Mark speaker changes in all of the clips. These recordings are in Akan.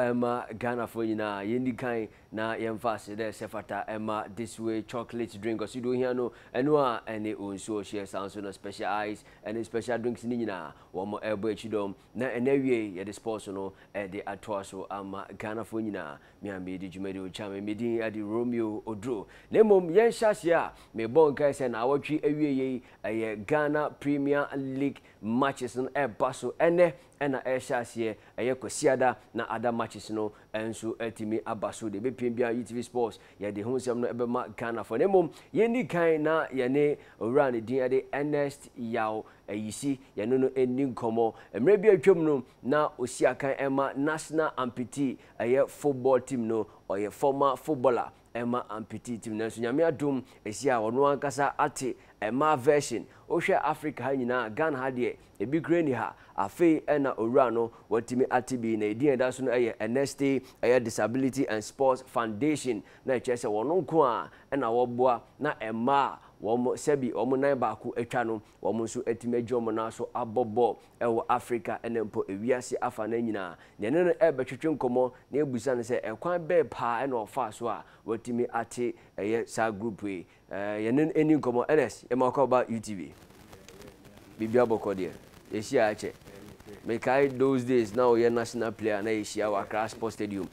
Speaker 1: ɛma ghanafoɔ nyinaa yɛndi kan na yɛmfa ase dɛ sɛ fata ɛma this way chocolate drink ɔsi do hia no ɛno a ɛne nsuo hyɛ san so no special ice ɛne special drinks ne nyinaa wɔn ɛbɔ akyi dɔm na ɛnɛ wie yɛde sports no ɛde atoa so ama ghanafoɔ nyinaa mea mede dwumadi okyame di ade uh, romeo oduro na mmom yɛnhyɛ aseɛ a mebɔ nkae sɛ naawɔtwe awie yei ɛyɛ ghana premier league matches no ɛba so ɛnɛ ɛna ɛhyɛ aseɛ ɛyɛ kɔsiada na ada match matches no nso atumi aba so de bɛpiem bia utv sports yɛde ho nsɛm no ɛbɛma ghanafoɔ na mmom yɛnni kan na yɛne owura ne din eh, de ernest yaw ayisi yɛno no ɛni nkɔmmɔ mmerɛ bi atwam no na ɔsi akan ɛma national ampiti ɛyɛ eh, football team no ɔyɛ former footballer ɛma ampiti tim nanso nyame adom ɛsi a ɔno ankasa ate ɛma version wohwɛ africa ha nyinaa ghana ha deɛ ebi kura ni ha afei ɛna owura no wɔtumi ate bi na edi ɛda so no ɛyɛ nst ɛyɛ disability and sports foundation na ɛkyerɛ sɛ wɔn nko a ɛna wɔboa na ɛmaa wɔn sɛbi wɔn nan baako atwa no wɔn nso atumi agye wɔn nan so abɔ bɔɔl ɛwɔ africa ɛna mpo ewiase afa na nyinaa deɛ ne no ɛrebɛtwitwi nkɔmɔ na ebusa no sɛ ɛkwan bɛɛ paa ɛna ɔfa so a wɔatumi ate ɛyɛ saa group yi ɛɛ yɛn no ani nkɔmɔ ɛnɛs ɛma ɔkɔ ba utv biribi abɔkɔ deɛ yɛhyia akyɛ mekae those days na ɔyɛ national player na yɛhyia wɔ accra sports stadium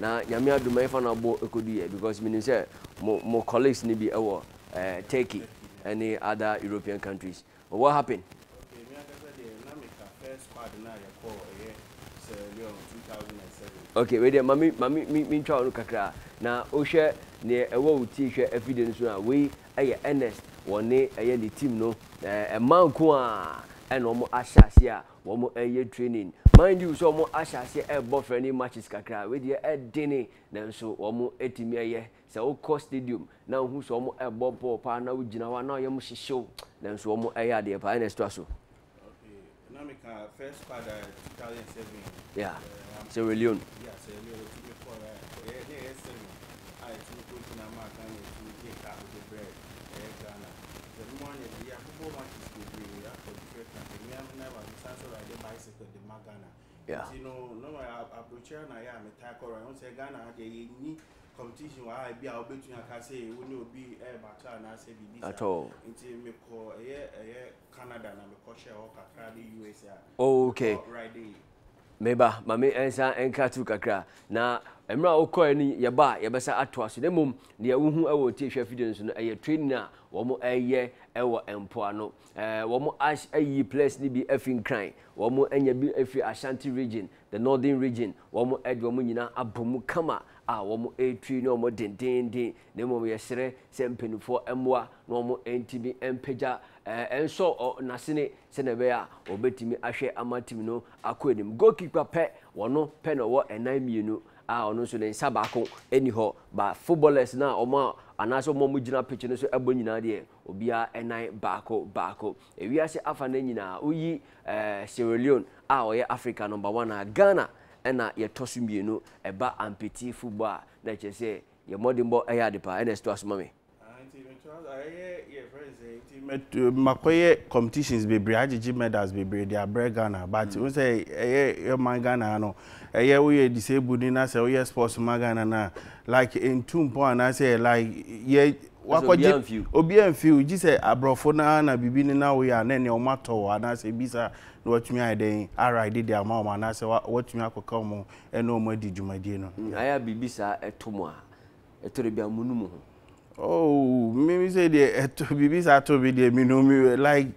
Speaker 1: na nyame adoma yɛfa no abɔ ɛkɔdu yɛ because menim sɛ mo mo colleagues ni bi ɛwɔ uh, Turkey, any other European countries. But what happened? Okay, wait there, mami, mami, mi, mi, try on kakra. Na Osha ne ɛwɔ e wo ti hwɛ afidie no so a wei ɛyɛ e ernest wɔne ɛyɛ ne e team no ɛɛ ɛmaa nko a ɛna wɔn ahyɛ ase a wɔn ɛyɛ training mind you sɛ wɔn ahyɛ ase eh, ɛbɔ friendly matches kakra wedeɛ ɛdi ne nanso wɔn ɛtumi ɛyɛ sɛ wokɔ stadium na wohu sɛ wɔn ɛbɔ bɔɔl paa na wogyina hɔ a na wɔyɛ mo hyehyew nanso wɔn ɛyɛ adeɛ paa ɛna ɛsitɔ so. Eh, eh,
Speaker 2: oh, Namika first part uh, 2007.
Speaker 1: Yeah. Uh, um, Sierra Leone.
Speaker 2: Yeah, Sierra Leone. To be for uh, yeah, yeah, seven. I to go to Namaka and to get out of the bread. Uh, Ghana. The morning, yeah, never the time so ride bicycle the magana yeah you know no my abrochia na ya me tie correct on say Ghana dey yin competition wa bi a obetun aka say wo ni obi e ba cha na say bibi at all nti me ko eh, eh Canada na me ko share o kakra the USA okay right there
Speaker 1: meba maame nsa nka tu kakra na mmerɛ a wokɔɛ no yɛba a yɛbɛsa atoa so na mmom deɛ wohu wɔ tie hwɛ afidie no so no ɛyɛ training a wɔn ɛyɛ ɛwɔ mpoano ɛɛ eh, wɔn ayi place no bi afi nkran wɔn anya bi afi ashanti region the northern region wɔn ɛde wɔn nyinaa abɔ mu kama a wɔn retwi na wɔn dendenden na mmom yɛsrɛ sɛ mpanimfoɔ mmoa na wɔn ntumi mpagya ɛɛ nsɔ ɔ n'asene sɛnɛ bɛyɛ a wɔbɛtumi ahwɛ ama timi no akɔ anim goalkeeper pɛ wɔn pɛ na ɔwɔ ɛnan mmienu a ɔno nso ne nsa baako ɛni hɔ ba footballers na wɔn a anaasɛ wɔn a wɔgyina pitch no so ɛbɔ nyinaa deɛ obiara ɛnan baako baako ewiase afa ne nyinaa oyi ɛɛ sierra leone a ɔyɛ africa number one a ghana ɛna yɛtɔ so mmienu ɛba ampeti football a na kyerɛ sɛ yɛ mmɔdenbɔ ɛyɛ ade paa ɛna ɛsito asoma me ah,
Speaker 2: eh, makɔyɛ competitions bebree agyegye medals bebree de abrɛ ghana but mm. wo sɛ ɛyɛ ɛma ghana no ɛyɛ woyɛ disabled ni na sɛ woyɛ sports ma ghana no a like ntu mpɔ anaasɛ like yɛ wakɔgye obi amfi wo gye sɛ aborɔfo no na biribi no na woyɛ a na ɛneɛ ɔma wɔ anaasɛ bi sa na watumi ayɛ dɛn aride de ama ɔma anaasɛ watumi akɔka ɔmo ɛne ɔmo adi dwumadie no mm, ayɛ biribi saa
Speaker 1: ɛto mu a ɛtɔre bi a no mu ho
Speaker 2: oh mimi sɛ deɛ ɛtɔ biribi sa tɔ bi deɛ mi mi like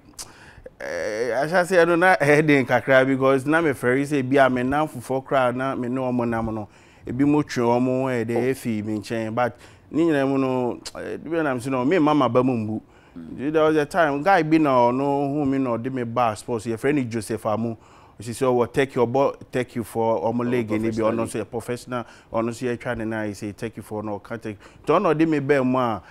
Speaker 2: eh, ahyase ɛno na ɛden kakra because na mefɛre sɛ bi a me nam fofoɔ koraa na me ne ɔmo nam no ebi mo twe ɔmo ɛde ne nyinaa mu no eh, ebi nam si no mi mma ba mu mbu there was a time guy bi na ɔno hu mi na ɔde mi ba sports yɛfrɛ ne joseph amu ɔsi sɛ ɔwɔ turkey ɔbɔ turkey for ɔmo league ni bi ɔno nso professional ɔno nso atwa ne nan yɛ sɛ turkey for ɔno ɔka turkey tɔn na ɔde mi bɛn mu a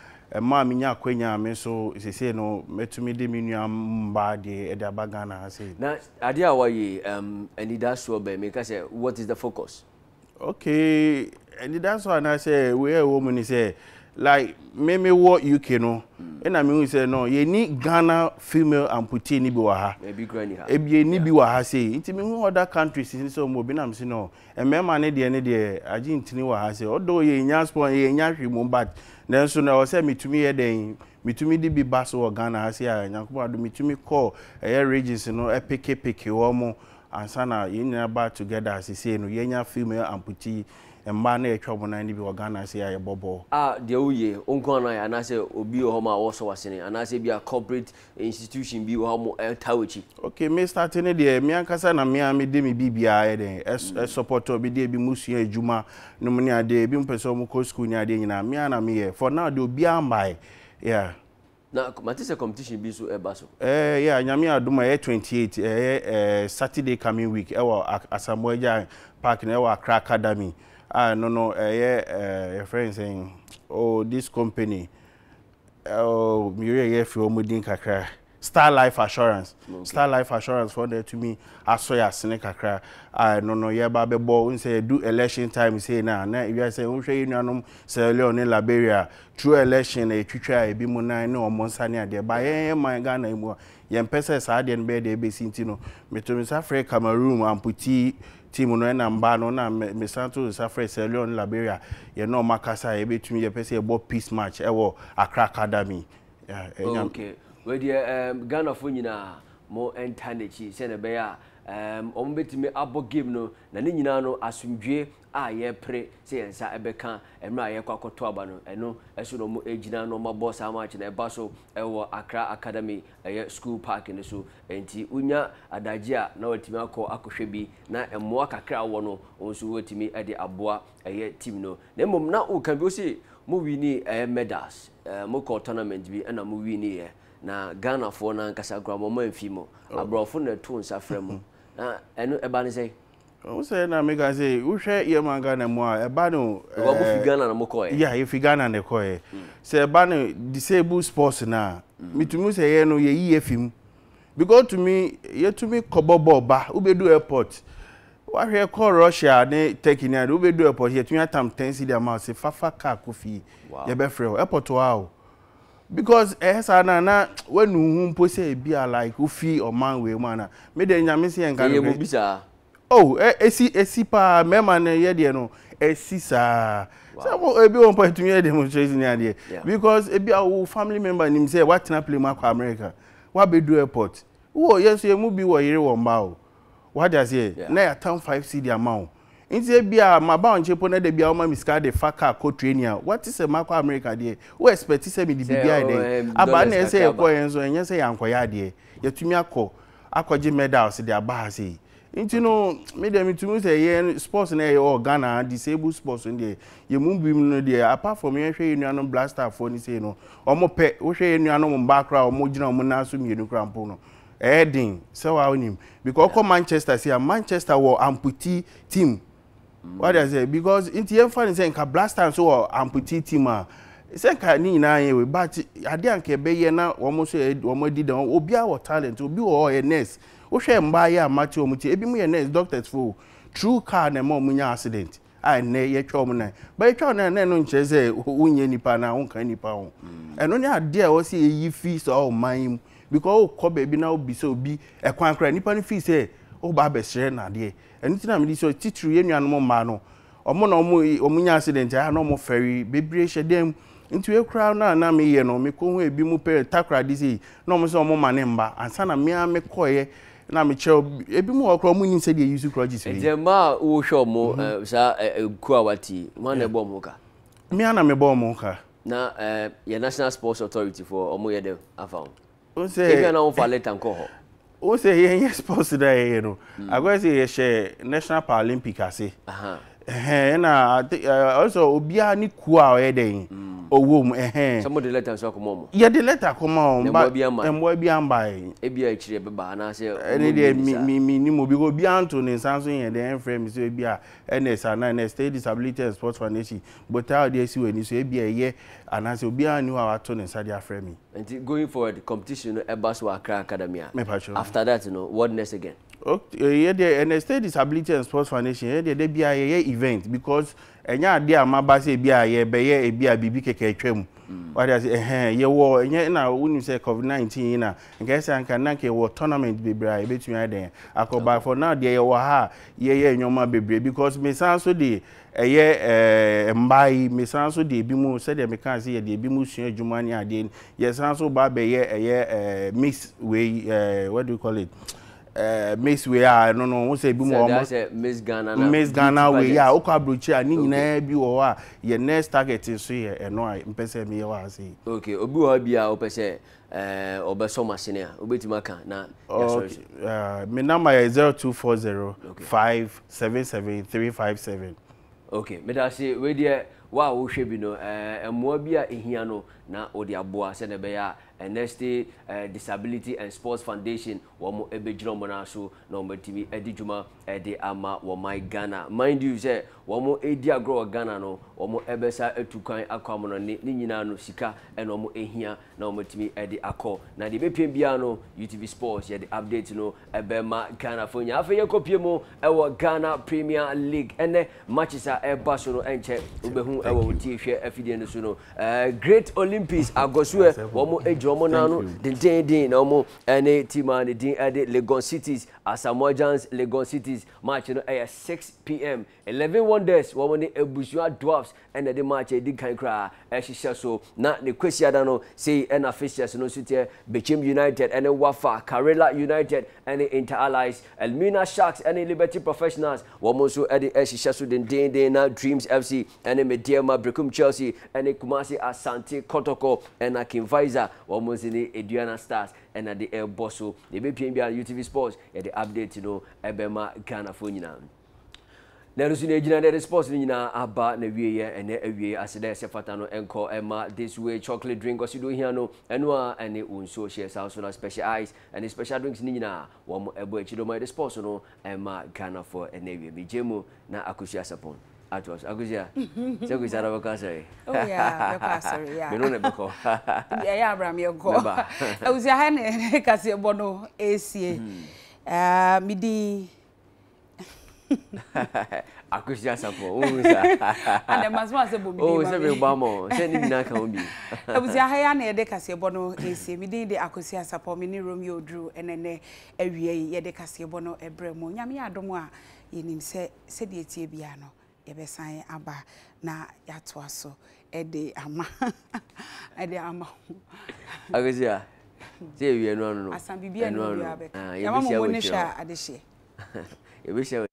Speaker 2: mmaa mi nya akwanya mi nso sese no mɛtumi de mi nua mba de ɛde aba ghana ha se.
Speaker 1: na adeɛ a wɔyɛ ɛnidasoɔ um, bɛn mi ka sɛ what is the focus.
Speaker 2: okay and that's why na say we are woman say like me me uk no ɛna me hu sɛ no ni ghana female amputee ni bi ha ebi ni ha me hu other countries ni si ntini ha sei ɔdɔ yɛnya sport yɛnya hwi mu but nanso na mitumi yɛ mitumi de bi ghana ha sei ah, mitumi eh, regions no eh, na ba together female amputee. mmaa na yɛtwa wɔn nan bi wɔ ghana ase a yɛbɔ bɔɔl.
Speaker 1: a deɛ woyɛ onko anan anaasɛ obi wɔ hɔ ma wɔsɔ wasene anaasɛ bi corporate institution bi wɔ hɔ mo ɛta wɔ akyi.
Speaker 2: okay me start ne deɛ me na me a me de me bi biara yɛ dɛ ɛsɔpɔtɔ bi deɛ bi mu sua adwuma no mu ne adeɛ bi mu pɛ sɛ wɔn kɔ school ne adeɛ nyinaa me na me yɛ for now deɛ obiara mmaa yɛ
Speaker 1: na mate sɛ competition bi so ɛba so
Speaker 2: ɛɛ yɛ nyame adom a ɛyɛ 28 ɛyɛ ɛɛ saturday coming week ɛwɔ asamoah gya park na ɛwɔ accra academy. Ah no no ɛyɛ eh, eh, your friend sɛn oh this company o mìíràn yɛ fi wɔn din kakra star life assurance okay. star life assurance for fɔ de tumi asɔ yɛ asene kakra Ah no no yɛba bɛbɔ n sɛ do election time say na na ewia sɛ n hwɛ yɛ nuanom sierra leone ne liberia through election na etwitwa ebi mu nan ne wɔn nsa ne adeɛ ba yɛn yɛn man ghana mu a yɛn pɛ sɛ saa adeɛ no bɛyɛ deɛ ebesi nti no mɛtɔmisa frɛ cameroon amputi team no ɛna mbaa no na mesan to nsa frɛ sɛ leon liberia yɛn na ɔmo akasa a yɛbɛtumi yɛpɛ sɛ yɛbɔ peace match ɛwɔ accra academy. ok
Speaker 1: wɛdiɛ ghana fo nyinaa mo ɛnta n'akyi sɛ na ɛbɛyɛ a. wɔn bɛtumi abɔ game no na ne nyinaa no asomdwe a yɛpere sɛ yɛn nsa bɛka mmerɛ a yɛkɔ akɔto aba no ɛno ɛso na wɔn gyina na wɔn abɔ saa match na ɛba so ɛwɔ akra academy ɛyɛ school park no so nti wonya adagye a na wɔatumi akɔ akɔhwɛ bi na mmoa kakra wɔ no wɔn nso wɔatumi de aboa ɛyɛ team no na mmom na woka bi wosi mo wini ɛyɛ medals ɛɛ kɔ tournament bi ɛna mo wini yɛ na ghanafoɔ nankasa koraa mo ɔmo amfi mo oh. aborɔfo na ɛto nsa frɛ mo. na ɛnu ɛba ne sɛ. o sɛ na mi ka se wohwɛ
Speaker 2: yɛma ghana mu a ɛba no. ɛwɔ mo fi ghana na mo kɔ yɛ. ya efi ghana na kɔ yɛ sɛ ɛba no disabled sports na mitumi sɛ yɛ no yɛ yie fi mu because tumi yɛtumi kɔbɔ bɔɔl ba obedu airport wahwɛ kɔ russia ne turkey ne ade obedu airport yɛtumi atam ten cedi amount sɛ fafa kaa kofi yɛbɛfrɛ o airport wa o. Wow. because ɛhɛ eh, saa na na wɛnu hu mpo sɛ ebi a like ofi ɔman wei mu ana mi de nyame si yɛn kan. eyamu bi saa. oh ɛ esi esi paa mɛma ne eh, yɛ deɛ no esi saa sábà ebi wọn pọ ẹtumi ẹ demonstration ni adeɛ because ebi eh, awo family member ni nim sɛ watena plane mu akɔ america wabedu airport wọ yɛn so yɛn mu bi wɔ yere wɔn mba o wadi aseɛ na yɛ atam five cd ama nti ebi a ma ba ɔnkyɛ po de bi a ɔma mi de fa kaa kɔ training a wate sɛ ma kɔ america deɛ oh, eh, o expect sɛ mi di bi bi a yɛ dɛ aba na ɛsɛ yɛ kɔ yɛn so ɛnyɛ sɛ yɛn akɔyɛ adeɛ yɛtumi akɔ akɔgye medals de aba ha sɛ yi nti no mi deɛ mi tumi sɛ yɛn sports na yɛ wɔ ghana disabled sports no deɛ yɛn mu bi mu no deɛ apart from yɛn hwɛ yɛn nuanom blaster fo ne sɛ no ɔmo pɛ wohwɛ yɛn nuanom mbaa koraa ɔmo gyina ɔmo nan so mmienu koraa mpo no ɛɛdin eh, sɛ waa onim because ɔkɔ manchester si a manchester wɔ amputi team what I say because nti yɛn fa ne sɛ nka blasters so amputee uh, team uh, say nka ne nyinaa yɛ wɛ but uh, adeɛ eh, a nka na wɔn nso yɛ wɔn adi dɛm obiara talent obi wɔ yɛ nurse wohwɛ mbaa ya mati omuti wɔn ti ebi mu yɛ nurse doctors for true car na ɛma wɔn nya accident a ɛnɛ yɛtwa wɔn na but yɛtwa wɔn nan na ɛno nkyɛn sɛ wonyɛ nipa na wonka nipa ho ɛno mm. ne adeɛ a wɔsi yɛyi fi saa ɔman yi mu because wokɔ baabi na obi sɛ e obi ɛkwan koraa nipa no fi woba abɛhyerɛ nadeɛ na mede sɛ titiri yɛ nuanom mmaa no ɔmo na ɔmo nya accident a na ɔmo bebree hyɛ ekura na na meyɛ no ho ebi mu pɛ takra de na ɔmo sɛ ɔmo ma ne mba ansa na mmea mekɔɛ na mekyerɛ ebi mu wɔ kora ɔmo yusu kora gyesi yi.
Speaker 1: ɔmo wati na ɛbɔ ɔmo ka.
Speaker 2: mmea na mebɔ ɔmo ka.
Speaker 1: na eh, yɛ national sports authority na wɔn fa leta
Speaker 2: o sɛ yɛn yɛ sports da yɛ yɛ no agorɔ sɛ yɛhyɛ national paralympic ase ɛhɛn ɛna also obiara ne kuo a ɔyɛ dɛ yin owó mu ɛhɛn. sɛ
Speaker 1: mo de lɛta nso akoma ɔmo. yɛ
Speaker 2: de lɛta akoma ɔmo ba ɛmboa
Speaker 1: bi anba yi. ebi a ekyirɛ bɛ ba anaasɛ. ɛni deɛ mi mi
Speaker 2: mi ni mo bi ko bi anto ne nsa so yɛn deɛ ɛnfrɛ mi so ebi a ɛnɛs ana ɛnɛ state disability and sports foundation bota a deɛ si wɔ ani so ebi a ɛyɛ anaasɛ obi a ni hɔ a wato ne nsa de afrɛ
Speaker 1: mi. nti going forward competition no ɛba so wɔ academy a. mɛpa sure. after that you know, what next again.
Speaker 2: okay eh, yɛ deɛ ɛnɛ state disability and sports foundation yɛ deɛ de bi a yɛ yɛ event because. ɛnyɛ adeɛ a maba sɛ ebi a yɛbɛyɛ ebi a biribi kɛkɛ atwa mu mm. wade ase ɛhɛn yɛwɔ ɛnyɛ na wonim sɛ covid nineteen yi na nka ɛsɛ anka na nka yɛwɔ tournament bebree a yɛbɛtumi ayɛ dɛn akɔbaafo na deɛ yɛwɔ ha a yɛyɛ nneɛma bebree because mesan so de ɛyɛ e ɛɛ e, mmaa yi mesan so de ebi mu sɛdeɛ meka ase yɛ de ebi mu sua adwuma ne adeɛ yɛsan so ba abɛyɛ ɛyɛ ɛɛ mix wei ɛɛ what do you call it. Eh, miss wei a ɛno no wɔn sɛ ebi mu miss ghana na miss ghana a okɔ aburokyi a bi a yɛ next target nso yɛ ɛno a mpɛ mi ase yi.
Speaker 1: okay obi bi a ɔpɛ sɛ ɛɛ eh, ɔbɛsɔ machine a obetumi na yasɔre so.
Speaker 2: namba yɛ zero two four zero five seven wo
Speaker 1: bi eh, bi a ehia no na na ya. NST uh, eh, Disability and Sports Foundation wɔn mo ɛbɛgyina wɔn aso na wɔn atumi Eddie Juma, Eddie ama wɔn man Ghana mind you sɛ wɔn ɛredi agorɔ wɔ ghana no wɔn ɛbɛsa atu kwan akɔ amono ne ne nyinaa no sika ɛna wɔn ehia na wɔn atumi ɛde akɔ na deɛ ɛbɛpie biara no utv sports yɛde update no ɛbɛma ghana fo nyinaa afei yɛkɔ pie mu ɛwɔ ghana premier league ɛnɛ matches a ɛba so no ɛnkyɛ wobɛhu ɛwɔ wɔn tie hwɛ afidie no so no ɛɛ great olympics agɔsoɛ wɔn ɛgye wɔn nan no dendenden na wɔn ɛne tima a ne din ɛde legon cities asamoah giants legon cities match no ɛyɛ 6 pm 11 one wonders wɔn ne abusua dwarfs ɛna de match di kan koraa ɛhyehyɛ so na ne kwesi ada no sei ɛna fishers no nso teɛ bechim united ɛne wafa karela united ɛne inter allies elmina sharks ɛne liberty professionals wɔn nso ɛde ɛhyehyɛ so dendenden eh, eh, na dreams fc ɛne medeɛma brekum chelsea ɛne kumasi asante kotoko ɛna kinvaiza wɔn nso ne eduana stars ɛna de ɛbɔ so deɛ ebepie bi a utv sports yɛde update no ɛbɛma ghanafoɔ nyinaa na ɛno nso na ɛgyina de sports no nyinaa aba na wieɛ ɛnɛ awie ase dɛ ɛsɛ fata no ɛnkɔ ɛma this way chocolate drink ɔsi do hia no ɛno a ɛne wo nsuo hyɛ saa so na special ice ɛne special drinks ni nyinaa wɔn ɛbɔ e akyi ma ɛde sports no ɛma ghanafoɔ ɛnɛ awie megye mu na akosua sapon Atwas, Agusia. So we said about Casari. Oh, yeah, Casari, yeah. You know, Nebuco.
Speaker 2: Yeah, Abram, your go. I was your hand, Cassia Bono,
Speaker 1: Midi akosi asafo ohun sa and the masma se bo mi oh se be ba mo se ni nyina ka obi abusi ahaya
Speaker 2: na ye de kase bo no esi mi din de akosi asafo mi ni romeo dru enene awie ye de kase bo no ebre mo nyame adom a yenim se se de tie bia no ye be san aba na yato aso e de ama e de ama
Speaker 1: akosi a se ewie no no asan bibia e no bibia be ah, ya mo mo ne sha adehye ebisha